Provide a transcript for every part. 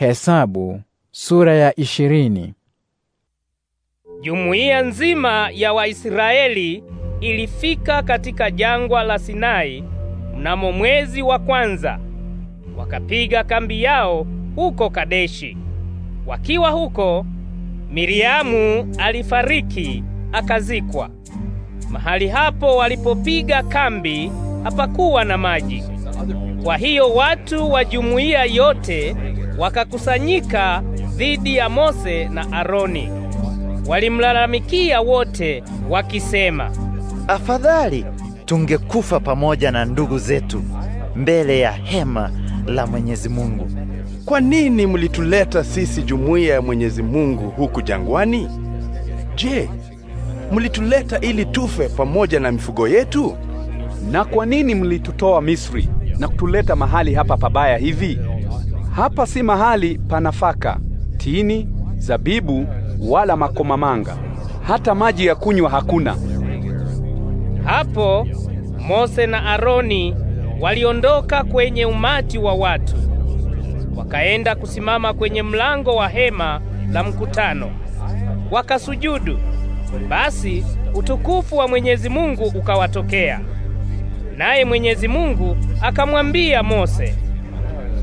Hesabu sura ya ishirini. Jumuiya nzima ya Waisraeli ilifika katika jangwa la Sinai mnamo mwezi wa kwanza, wakapiga kambi yao huko Kadeshi. Wakiwa huko, Miriamu alifariki akazikwa. Mahali hapo walipopiga kambi hapakuwa na maji, kwa hiyo watu wa jumuiya yote wakakusanyika dhidi ya Mose na Aroni. Walimlalamikia wote wakisema, afadhali tungekufa pamoja na ndugu zetu mbele ya hema la Mwenyezi Mungu. Kwa nini mulituleta sisi jumuiya ya Mwenyezi Mungu huku jangwani? Je, mulituleta ili tufe pamoja na mifugo yetu? Na kwa nini mulitutoa Misri na kutuleta mahali hapa pabaya hivi? Hapa si mahali pa nafaka, tini, zabibu wala makomamanga, hata maji ya kunywa hakuna. Hapo Mose na Aroni waliondoka kwenye umati wa watu, wakaenda kusimama kwenye mlango wa hema la mkutano, wakasujudu. Basi utukufu wa Mwenyezi Mungu ukawatokea, naye Mwenyezi Mungu akamwambia Mose,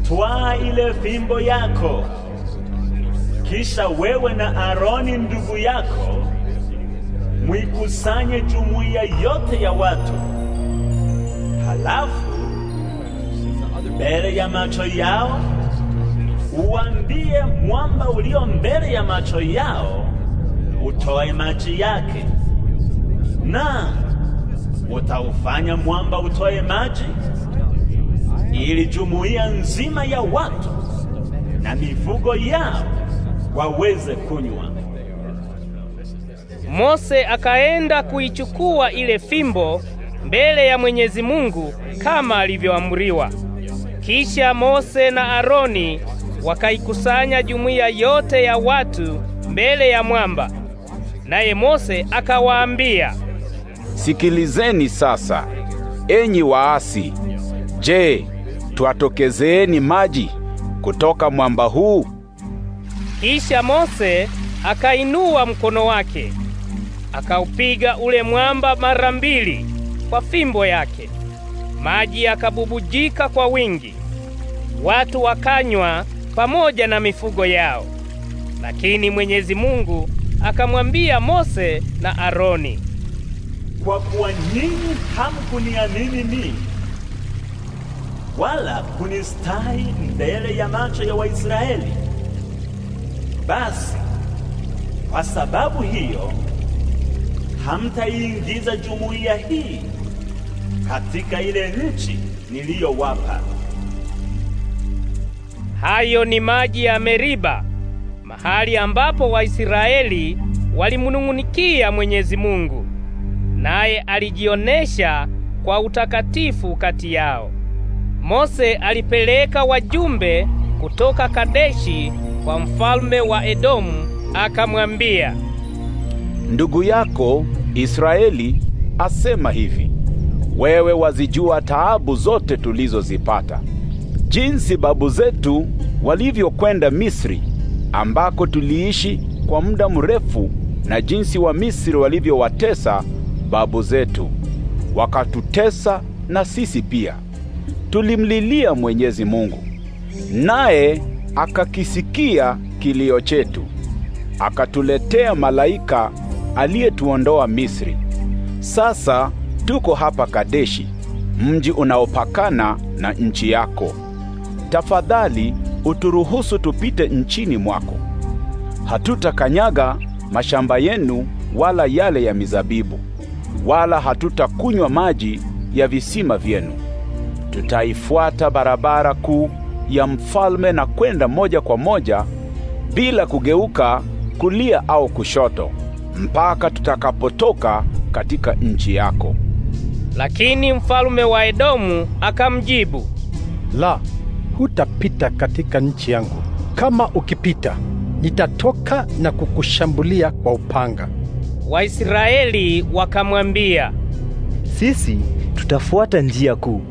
twaa ile fimbo yako, kisha wewe na Aroni ndugu yako mwikusanye jumuiya yote ya watu, halafu mbele ya macho yao uambie mwamba ulio mbele ya macho yao utoe maji yake, na utaufanya mwamba utoe maji ili jumuiya nzima ya watu na mifugo yao waweze kunywa. Mose akaenda kuichukua ile fimbo mbele ya Mwenyezi Mungu kama alivyoamriwa. Kisha Mose na Aroni wakaikusanya jumuiya yote ya watu mbele ya mwamba. Naye Mose akawaambia, Sikilizeni sasa, enyi waasi. Je, twatokezeeni maji kutoka mwamba huu? Kisha Mose akainua mkono wake akaupiga ule mwamba mara mbili kwa fimbo yake, maji yakabubujika kwa wingi, watu wakanywa pamoja na mifugo yao. Lakini Mwenyezi Mungu akamwambia Mose na Aroni, kwa kuwa nyinyi hamkuniamini mimi wala kunistahi mbele ya macho ya Waisraeli. Basi kwa sababu hiyo hamtaiingiza jumuiya hii katika ile nchi niliyowapa. Hayo ni maji ya Meriba, mahali ambapo Waisraeli walimunung'unikia Mwenyezi Mungu, naye alijionesha kwa utakatifu kati yao. Mose alipeleka wajumbe kutoka Kadeshi kwa mfalme wa Edomu, akamwambia, ndugu yako Israeli asema hivi, wewe wazijua taabu zote tulizozipata, jinsi babu zetu walivyokwenda Misri ambako tuliishi kwa muda mrefu, na jinsi wa Misri walivyowatesa babu zetu, wakatutesa na sisi pia tulimlilia Mwenyezi Mungu, naye akakisikia kilio chetu, akatuletea malaika aliyetuondoa Misri. Sasa tuko hapa Kadeshi, mji unaopakana na nchi yako. Tafadhali uturuhusu tupite nchini mwako. Hatutakanyaga mashamba yenu wala yale ya mizabibu, wala hatutakunywa maji ya visima vyenu tutaifuata barabara kuu ya mfalme na kwenda moja kwa moja bila kugeuka kulia au kushoto mpaka tutakapotoka katika nchi yako. Lakini mfalme wa Edomu akamjibu, la, hutapita katika nchi yangu. Kama ukipita, nitatoka na kukushambulia kwa upanga. Waisraeli wakamwambia, sisi tutafuata njia kuu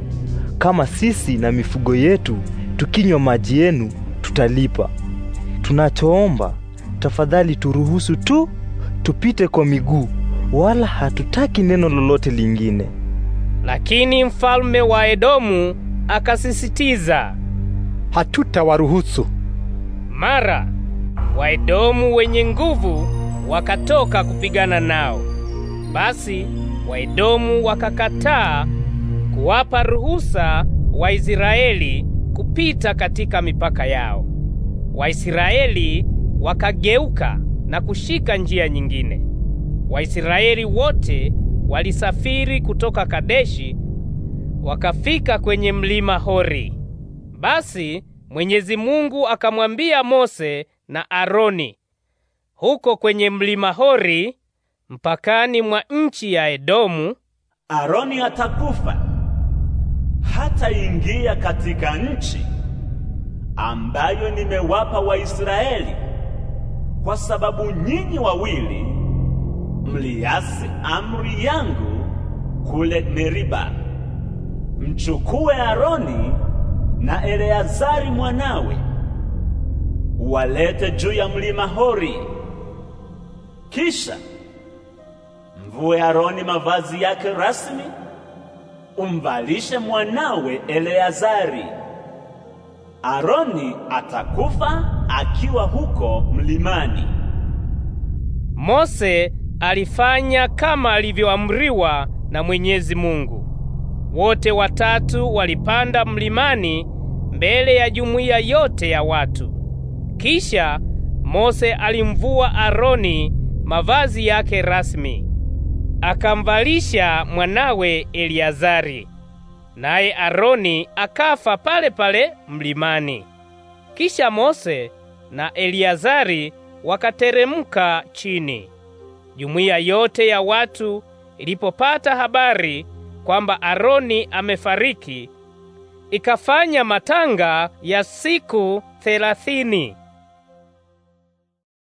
kama sisi na mifugo yetu tukinywa maji yenu tutalipa. Tunachoomba, tafadhali turuhusu tu tupite kwa miguu, wala hatutaki neno lolote lingine. Lakini mfalme wa Edomu akasisitiza, hatutawaruhusu. Mara Waedomu wenye nguvu wakatoka kupigana nao. Basi Waedomu wakakataa kuwapa ruhusa Waisraeli kupita katika mipaka yao. Waisraeli wakageuka na kushika njia nyingine. Waisraeli wote walisafiri kutoka Kadeshi wakafika kwenye mlima Hori. Basi Mwenyezi Mungu akamwambia Mose na Aroni huko kwenye mlima Hori mpakani mwa nchi ya Edomu, Aroni atakufa hataingia katika nchi ambayo nimewapa Waisraeli, kwa sababu nyinyi wawili mliasi amri yangu kule Meriba. Mchukue Aroni na Eleazari mwanawe walete juu ya mlima Hori, kisha mvue Aroni mavazi yake rasmi umvalishe mwanawe Eleazari. Aroni atakufa akiwa huko mlimani. Mose alifanya kama alivyoamriwa na Mwenyezi Mungu. Wote watatu walipanda mlimani mbele ya jumuiya yote ya watu. Kisha Mose alimvua Aroni mavazi yake rasmi akamvalisha mwanawe Eliazari, naye Aroni akafa pale pale mlimani. Kisha Mose na Eliazari wakateremka chini. Jumuiya yote ya watu ilipopata habari kwamba Aroni amefariki, ikafanya matanga ya siku thelathini